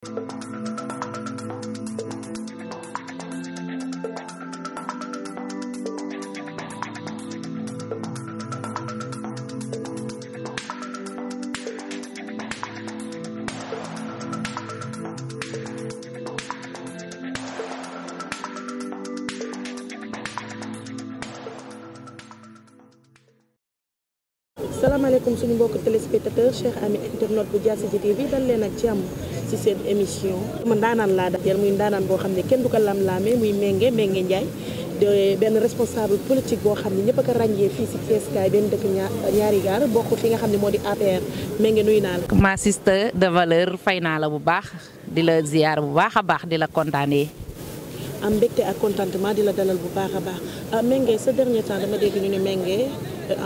السلام عليكم سوني بوك تيليسبيتاتور شيخ امي انترنت بو جاسي تي في دال لينا تيام ci seen émission man ndaanaan laa daal muy ndaanaan boo xam ne kenn du ko lam-laame muy Mengue Mengue Ndiaye de benn responsable politique boo xam ne ñëpp a ko ràññee fii si Thiès benn dëkk ñaari gaar bokk fi nga xam ne moo di APR Mengue nuyu naa la ma sister de valeur fay naa la bu baax di la ziyaar bu baax a baax di la kontaanee am mbégte ak contentement di la dalal bu baax a baax ah, Mengue sa dernier temps dama dégg ñu ne Mengue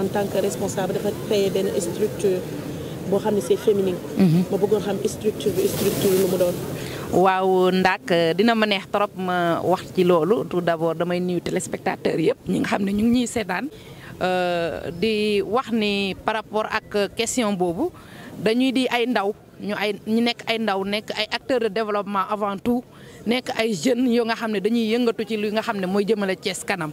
en tant que responsable dafa benn structure bo xamni c'est féminin ma mhm. bëggoon xam structure bi structure lu mu doon waaw ndak dina ma neex trop ma wax ci loolu tout d'abord damay nuyu téléspectateur yépp ñi nga xam ne ñu ngi ñuy seetaan eh, di wax ni par rapport ak question boobu dañuy di ay ndaw ñu ay ñu nekk ay ndaw nekk ay acteur de développement avant tout nekk ay jeunes yo nga xam ne dañuy yëngatu ci li nga xam ne mooy jëmale cees kanam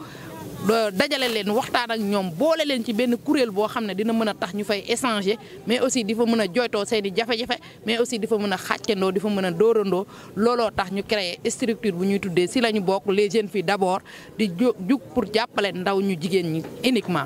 dajale leen waxtaan ak ñoom boole leen ci benn kuréel boo xam ne dina mën a tax ñu fay échanger mais aussi di fa mën a jooytoo seen i jafe-jafe mais aussi di fa mën a xàccandoo di fa mën a dóorandoo looloo tax ñu créer structure bu ñuy tuddee si la ñu bokk les jeunes filles d'abord di jug pour jàppale ndaw ñu jigéen ñi uniquement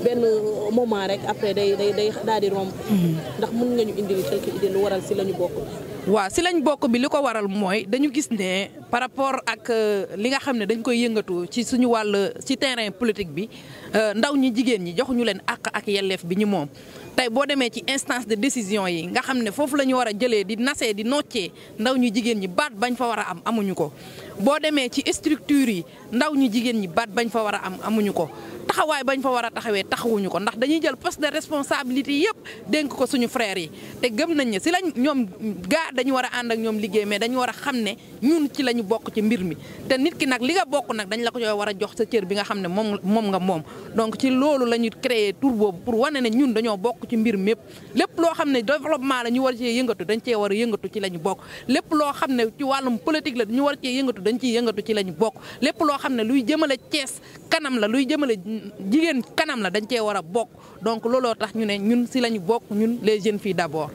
benn moment rek après day day day romb. Mm-hmm. ndax mën nga ñu indil quelque idée lu waral si lañu ñu bokk. waaw si lañ bokk bi li ko waral mooy dañu gis ne par rapport ak euh, li nga xam ne dañ koy yëngatu ci suñu wàll ci terrain politique bi euh, ndaw ñi jigéen ñi joxuñu leen àq ak yelleef bi ñu moom. tey boo demee ci instance de décision yi nga xam ne foofu la ñu war a jëlee di nasee di noccee ndaw ñu jigéen ñi baat bañ fa war a am amuñu ko boo demee ci structure yi ndaw ñu jigéen ñi baat bañ fa war a am amuñu ko taxawaay bañ fa war a taxawee taxawuñu ko ndax dañuy jël poste de responsabilité yëpp dénk ko suñu frères yi te gëm nañ ne si lañ ñoom gaa dañu war a ànd ak ñoom liggéey mais dañu war a xam ne ñun ci la ñu bokk ci mbir mi te nit ki nag li nga bokk nag dañ la ko yow war a jox sa cër bi nga xam ne moom moom nga moom donc ci loolu la ñu créé tour boobu pour wane ne ñun dañoo bokk ci mbir mépp lépp loo xam ne développement la ñu war cee yëngatu dañ cee war a yëngatu ci la ñu bokk lépp loo xam ne ci wàllum politique la ñu war cee yëngatu dañ ciy yëngatu ci la ñu bokk jigen kanam la dañ cey wara bok donc lolo tax ñu ne ñun si lañu bok ñun les jeunes filles d'abord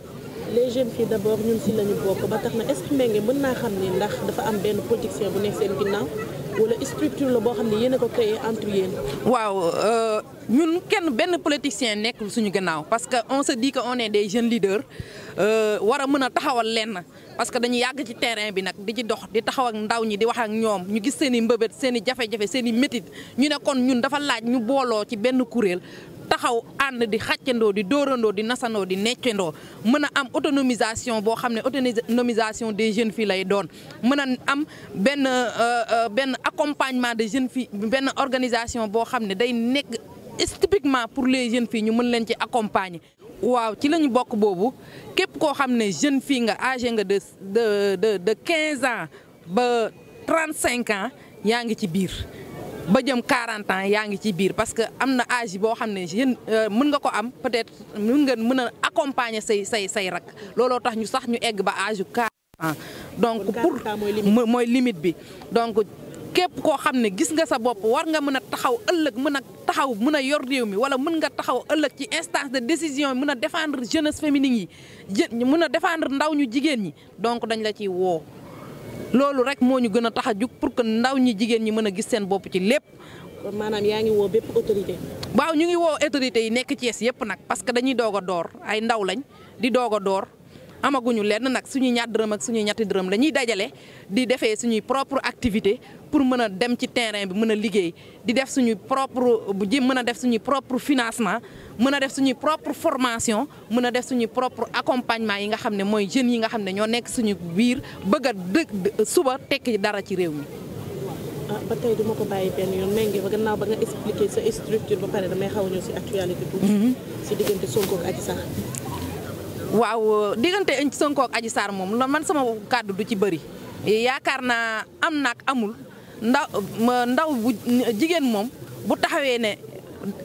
les jeunes filles d'abord ñun si lañu bok ba tax na est ce mbengé mën na xam ni ndax dafa am ben protection bu nekk seen ginnaw wala structure la bo xam ni yene ko créé entre yeen waaw euh, ñun kenn ben politicien nekk suñu gannaaw parce que on se dit que on est des jeunes leaders euh wara mëna taxawal lenn parce que dañu yàgg ci terrain bi nag di ci dox di taxaw ak ndaw ñi di wax ak ñoom ñu gis seen i mbëbët seeni i jafe-jafe seen métit ñu ne kon ñun dafa laaj ñu booloo ci benn kuréel taxaw ànd di xàccandoo di doorandoo di nasandoo di neccandoo mën a am autonomisation boo xam ne autonomisation des jeunes fii lay doon mën a am benn euh, euh, benn accompagnement des jeunes filles benn organisation boo xam ne day nekk typiquement pour les jeunes fii ñu mën leen ci accompagner waaw ci lañu bokk boobu képp koo xam ne jeune fii nga âgé nga de de de de quinze ans ba trente cinq ans yaa ngi ci biir ba jëm 40 ans yaa ngi ci biir parce que am na âge boo xam ne yéen euh, mun nga ko am peut-être mën nga mën a accompagner say say say rak looloo tax ñu sax ñu egg ba âge yu 40 ans donc pour mooy limite bi donc képp koo xam ne gis nga sa bopp war nga mën a taxaw ëllëg mën a taxaw mën a yor réew mi wala mën nga taxaw ëllëg ci instance de décision mën a défendre jeunesse féminine yi jë mën a defendre ndaw ñu jigéen ñi donc dañ la ciy woo. loolu rek moo ñu gën a tax a jug pour que ndaw ñi jigéen ñi mën a gis seen bopp ci lépp. maanaam yaa ngi woo bépp autorité. waaw ñu ngi woo autorité yi nekk Thiès yëpp nag parce que dañuy doog a door ay ndaw lañ di doog door. amaguñu lenn nag suñuy ñaar dërëm ak suñuy ñetti dërëm lañuy dajale di defee suñuy propre activité pour mën a dem ci terrain bi mën a liggéey di def suñuy propre bu ji mën a def suñuy propre financement mën a def suñuy propre formation mën a def suñuy propre accompagnement yi nga xam ne mooy jeunes yi nga xam ne ñoo nekk suñu biir bëgg a dë suba tekki dara ci réew mi. ah ba tey duma ko bàyyi benn yoon méngé ba gannaaw ba nga expliqué sa structure ba pare damay xaw a ñëw si actualité tuuti. Mm-hmm. si diggante ak waaw diggante Sonko ak Adji Sarr moom man sama kàddu du ci bëri yaakaar naa am naak amul ndaw ndaw bu jigéen moom bu taxawee ne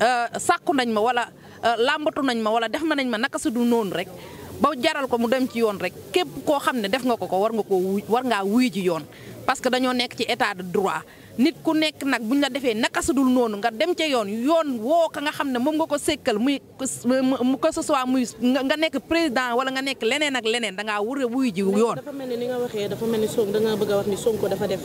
euh, sàkku nañ ma wala euh, làmbatu nañ ma wala def ma nañ ma naka su du noonu rek ba jaral ko mu dem ci yoon rek képp koo xam ne def nga ko ko war nga koo war ngaa wuy ji yoon parce que dañoo nekk ci état de droit nit ku nekk nag ñu la defee naka su dul noonu nga dem ca yoon yoon woo ka nga xam ne moom nga ko sékkal muy que ce soit muy nga nekk président wala nga nekk leneen ak leneen da ngaa wure wuy ji yoon. dafa mel ni ni nga waxee dafa mel ni Sonko da nga bëgg a wax ni Sonko dafa def.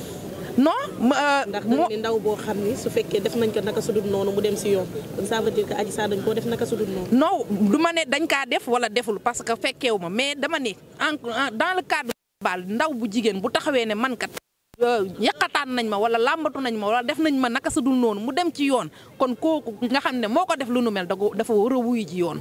non euh, ndax ni ndaw boo xam ni su fekkee def nañ ko naka su dul noonu mu dem si yoon kon ça veut dire dañ koo def naka su dul noonu. non du ma ne dañ kaa def wala deful parce que fekkeewu ma mais dama ne en dans le cadre bal ndaw bu jigéen bu taxawee ne man yàqataan euh, nañ ma wala làmbatu nañ ma wala def nañ ma naka sa dul noonu mu dem ci yoon kon kooku nga xam ne moo ko def lu nu mel dafa war a wuyu ji yoon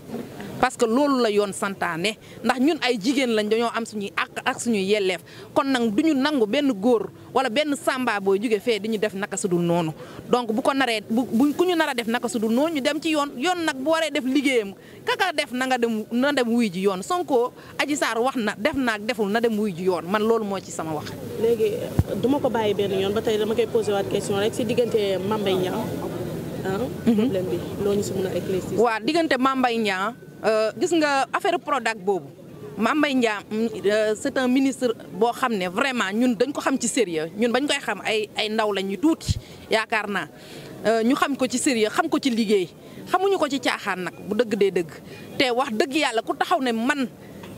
parce que loolu la yoon santaane ndax ñun ay jigéen lañ dañoo am suñuy àkk ak suñuy yelleef kon nag du ñu nangu benn góor wala benn sàmba booy jóge fee di ñu def naka su dul noonu donc bu ko naree bu ku ñu nar a def naka sa dul noonu ñu dem ci yoon yoon nag bu waree def liggéeyam kaka def na nga dem na dem wuy ji yoon Sonko Adji Sarr wax na def naag deful na dem wuy ji yoon man loolu moo ci sama wax du ma ko bàyyi benn yoon ba tey dama koy posé waat question rek si diggante Mambay Niang. Ah, mhm. problème bi loo ñu si mun a éclaircir. waa diggante Mambay Niang ah, eh, gis nga affaire Prodac boobu. Mambay Ndiam ah, mm, eh, c' est un ministre boo xam vraiment ñun dañ ko xam ci sérieux ñun bañ koy xam ay ay ndaw la ñu tuuti yaakaar naa eh, ñu xam ko ci sérieux xam ko ci liggéey xamuñu ko ci caaxaan nag bu dëgg dee dëgg te wax dëgg yàlla ku taxaw ne man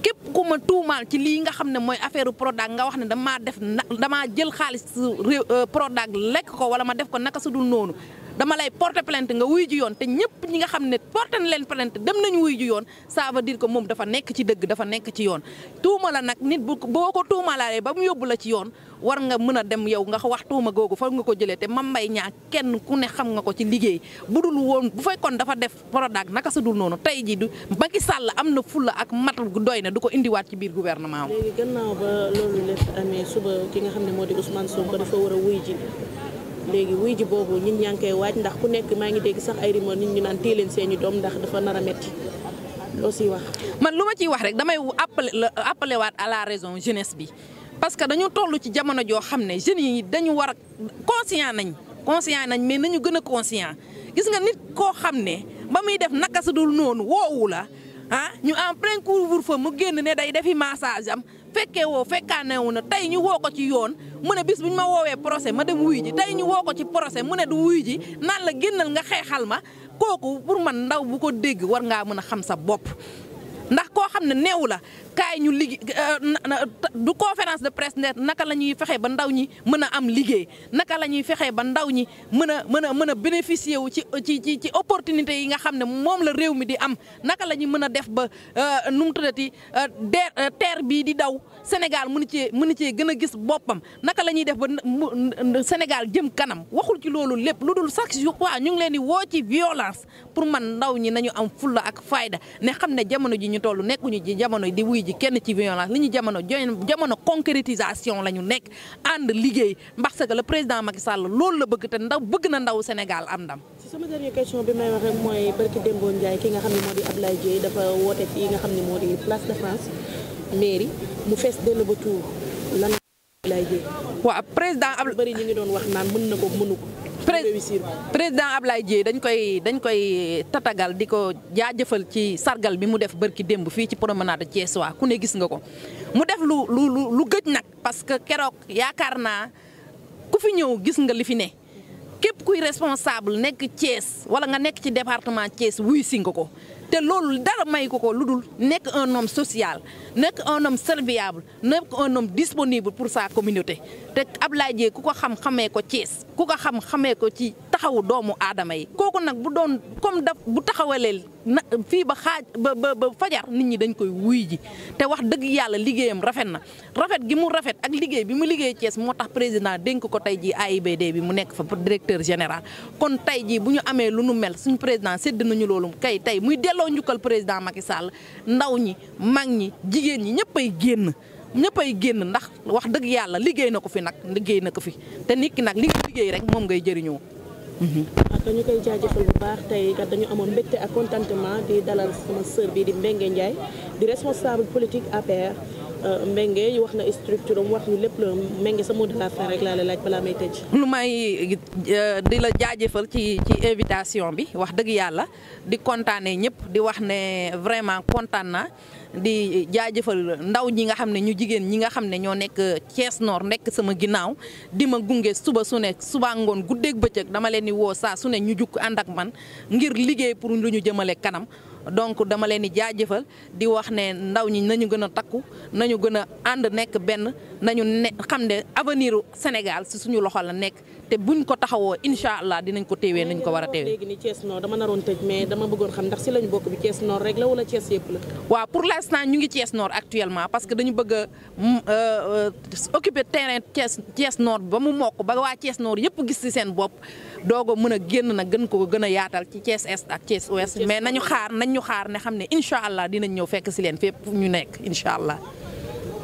képp ku ma tuumaal ci lii nga xam ne mooy affaire Prodac nga wax ne damaa def nag damaa jël xaalis euh, Prodac lekk ko wala ma def ko naka su noonu dama lay porter plainte nga wuy ji yoon te ñëpp ñi nga xam ne porter na leen plainte dem nañ wuy ji yoon ça veut dire que moom dafa nekk ci dëgg dafa nekk ci yoon tuuma la nag nit bu boo ko tuumaalaalee ba mu yóbbu la ci yoon war nga mën a dem yow nga wax tuuma googu fa nga ko jëlee te Mame Mbaye Niang kenn ku ne xam nga ko ci liggéey bu dul woon bu fekkoon dafa def Prodac naka sa dul noonu tey ji du Macky sàll am na fulla ak mat gu doy na du ko indiwaat ci biir gouvernement am. léegi gannaaw ba loolu lépp amee ki nga xam ne moo di Ousmane Sonko dafa war a wuy ji léegi wuy ji boobu nit ñaa ngi waaj ndax ku nekk maa ngi dégg sax ay rumeur nit ñu naan téye seeni doom ndax dafa nar a metti loo siy wax. man lu ma ciy wax rek damay appelé appelé waat à la raison jeunesse bi. parce que dañu toll ci jamono joo xam ne jeunes yi dañu war a conscient nañ conscient nañ mais nañu gën a conscient gis nga nit koo xam ne ba muy def naka su dul noonu woowu la ah ñu en plein wur fa mu génn ne day defi massage am fekkee woo ne wu na tey ñu woo ko ci yoon mu ne bis bu ñu ma woowee procès ma dem wuy ji tey ñu woo ko ci procès mu ne du wuy ji naan la génnal nga xeexal ma kooku pour man ndaw bu ko dégg war ngaa mën a xam sa bopp ndax koo xam ne neewu la kaay ñu liggéey euh, du conférence de presse ne naka la ñuy fexe ba ndaw ñi mën a am liggéey naka la ñuy fexe ba ndaw ñi mën a mën a mën a bénéficier wu ci ci ci ci opportunité yi nga xam ne moom la réew mi di am naka la ñuy mën a def ba euh, nu mu tuddati euh, der terre bii di daw Sénégal mënu cee mënu cee gën a gis boppam naka la ñuy def ba Sénégal jëm kanam waxul ci loolu lépp lu dul chaque jour waa ñu ngi leen di woo ci violence pour man ndaw ñi nañu am fulla ak fayda ne xam ne jamono ji ñu toll nekkuñu ji jamono ji kenn ci violence li ñu jamono jamono concrétisation la ñu nekk ànd liggéey mbax sa le président Macky sàll loolu la bëgg te ndaw bëgg na ndaw Sénégal am ndam. ci sama dernière question bi may wax rek mooy barki Dembo Ndiaye ki nga xam ne moo di Abdoulaye jéey dafa woote fii nga xam ne moo di place de France mairie mu fees dell ba tuur lan. Abdoulaye Dieye. waaw président Abdoulaye. bari ñu ngi doon wax naan mën na ko mënu ko. président Ablaye Dièye dañ koy dañ koy tatagal di ko jaajëfal ci sargal bi mu def bërki démb fii ci promenade Thiès waa ku ne gis nga ko mu def lu lu lu gëj nag parce que keroog yaakaar naa ku fi ñëw gis nga li fi ne képp kuy responsable nekk Thiès wala nga nekk ci département Thiès wuy si nga ko te loolu dara may ko ko lu dul nekk un homme social nekk un homme serviable nekk un homme disponible pour sa communauté te Ablaye Dieye ku ko xam xamee ko Thiès ku ko xam xamee ko ci taxawu doomu aadama yi kooku nag bu doon comme daf bu taxawalee na fii ba xaaj ba ba ba fajar nit ñi dañ koy wuy ji te wax dëgg yàlla liggéeyam rafet na rafet gi mu rafet ak liggéey bi mu liggéey cees moo tax président dénk ko tey jii AIBD bi mu nekk fa directeur général kon jii bu ñu amee lu nu mel suñu président sédd nañu loolu kay delloo njukkal président makki Sall ndaw ñi mag ñi jigéen ñi ñëpp ay génn ñëpp ay génn ndax wax dëgg yàlla liggéey na ko fi nag liggéey na ko fi te nikki nag li nga liggéey rek moom ngay jëriñoo. Mhm. waaw ñu koy jaajëfal bu baax tey kat dañu amoon mbégte ak contentement di dalal sama sœur bi di Mbengue Ndiaye di responsable politique APR. Eh, mbenge yi wax na structure wax ñu lepp la mbenge sa mot de la faire rek la laaj bala may tej lu may eh, di la jaajeufal ci ci invitation bi wax deug yalla di contane ñep di wax ne vraiment contane na di jaajeufal ndaw ñi nga xamne ñu jigen ñi nga xamne ñoo nek ties nord nek sama ginaaw di ma gungé suba su nek suba ngone guddé ak beccëk dama leni wo sa su ne ñu juk andak man ngir liggéey pour luñu jëmele kanam donc dama leen di jaajëfal di wax ne ndaw ñi nañu gën a takku nañu gën a ànd nekk benn nañu ne xam ne avenir u Sénégal ci suñu loxo la nekk te buñ ko taxawoo incha allah dinañ ko téewee nañ ko war a téewee. ni Thiès Nord dama naroon tëj mais dama bëggoon xam ndax si lañ bokk bi Thiès Nord rek la wala Thiès yëpp la. waaw pour l'instant ñu ngi Thiès Nord actuellement parce que dañu bëgg a mm, euh, euh, occuper terrain Thiès Thiès Nord ba mu mokk ba waa Thiès noor yëpp gis si seen bopp doog a mën a génn nag gën ko gën a yaatal ci Thiès Est ak Thiès Ouest. mais nañu xaar nañ ñu xaar ne xam ne incha allah dinañ ñëw fekk si leen fépp ñu nekk incha allah.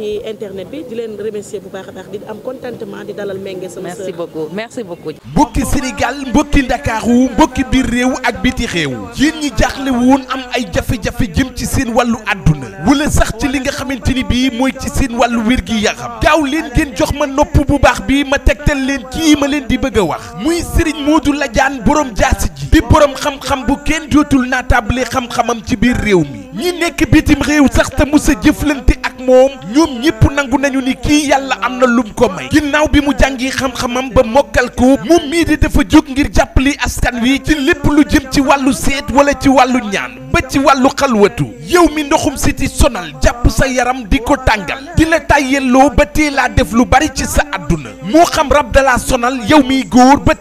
ci internet bi di len remercier bu baax baax di am contentement di dalal mengé sama sœur. merci beaucoup merci beaucoup. mbokki Sénégal mbokki Ndakaaru mbokki bir rew ak biti réew yeen ñi jaxlé woon am ay jafé jafé jëm ci seen walu aduna wala sax ci li nga xamante bi moy ci seen walu wirgi gi yaram leen ngeen jox ma nopp bu baax bi ma tektal leen kii ma leen di bëgg wax muy Serigne Modou Ladiane borom jaasi di borom xam-xam bu kenn dootul naatable xam-xamam ci biir réew mi ñi nekk bitim réew sax te musa jëflante ak moom ñoom ñëpp nangu nañu ni kii yàlla am na lum ko may ginnaaw bi mu jàngi xam-xamam ba mokkal ko moom mii di dafa jóg ngir jàppali askan wi ci lépp lu jëm ci wàllu seet wala ci wàllu ñaan ba ci wàllu xalwatu yow mi ndoxum siti sonal jàpp sa yaram di ko tàngal di la tàyyelloo ba tee laa def lu bari ci sa àdduna moo xam rab dalaa sonal yow miy góor ba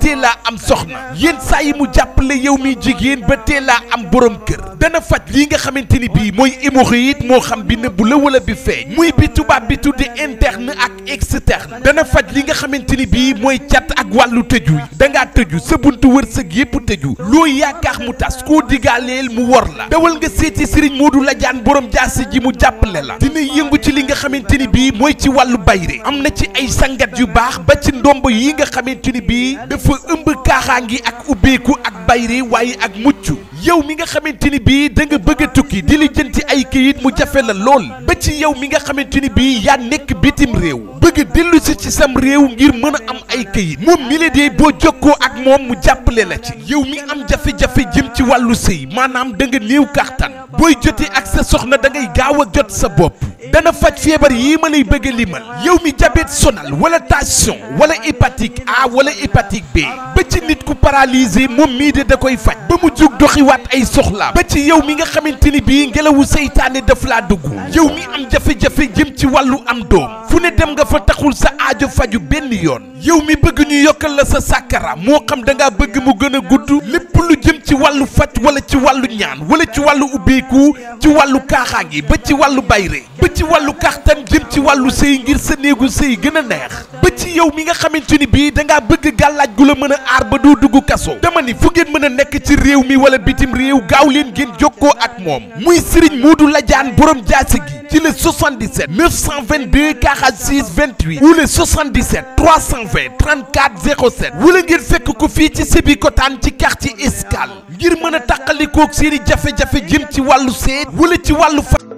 jàppale yow mi jigéen ba teelaa am borom kër dana faj lii nga xamante ni bii mooy hémorroïde moo xam bi nëbbu la wala bi feeñ muy bi tubaab bi tudde interne ak externe dana faj li nga xamante ni bii mooy cat ak wàllu tëju dangaa tëju sa buntu wërsëg yépp tëju loo yaakaar mu tas koo digaaleel mu wor la dawal nga seeti Serigne Modou Ladiane boroom jaasi ji mu jàppale la dina yëngu ci li nga xamante ni bii mooy ci wàllu bayre am na ci ay sangat yu baax ba ci yi nga xamante ni bii dafa ëmb kaaxaangi ak bayri waaye ak mucc yow mi nga xamante ni bii danga nga bëgg a tukki di lijjanti ay këyit mu jafe la lool ba ci yow mi nga xamante ni bii yaa nekk bitim réew bëgg a ci sam réew ngir mën a am ay këyit moom mi la dee boo jokkoo ak moom mu jàppale la ci yow mi am jafe-jafe jëm ci wàllu sëy maanaam danga nga néew kàttan booy jotee ak sa soxna dangay ngay a jot sa bopp dana faj fièvre yii ma lay bëgg a limal yow mi diabète sonal wala tension wala hépatique A wala hépatique B ba ci nit ku paralysé moom mii de da koy faj ba mu jug doxiwaat ay soxla ba ci yow mi nga xamante ni bii ngelawu seytaane daf laa dugg yow mi am jafe-jafe jëm ci wàllu am doom fu ne dem nga fa taxul sa aajo faju benn yoon yow mi bëgg ñu yokkal la sa sàkkara moo xam da ngaa bëgg mu gën a gudd lépp lu jëm ci wàllu faj wala ci wàllu ñaan wala ci wàllu ubbeeku ci wàllu kaaxaangi ba ci wàllu bayre ci wàllu kàttan jëm ci wàllu sëy ngir sa néegu sëy gën a neex ba ci yow mi nga xamante ni bii dangaa bëgg gàllaaj gu la mën a aar ba doo dugg kaso dama ni fu ngeen mën a nekk ci réew mi wala bitim réew gaaw leen ngeen jokkoo ak moom muy Serigne Modou Ladiane borom jaasi gi ci le 77 922 46 28 ou le 77 320 34 07 wala ngeen fekk ko fii ci Sébikotane ci quartier Escale ngir mën a tàqalikoog seen i jafe-jafe ci wàllu seet wala ci wàllu fa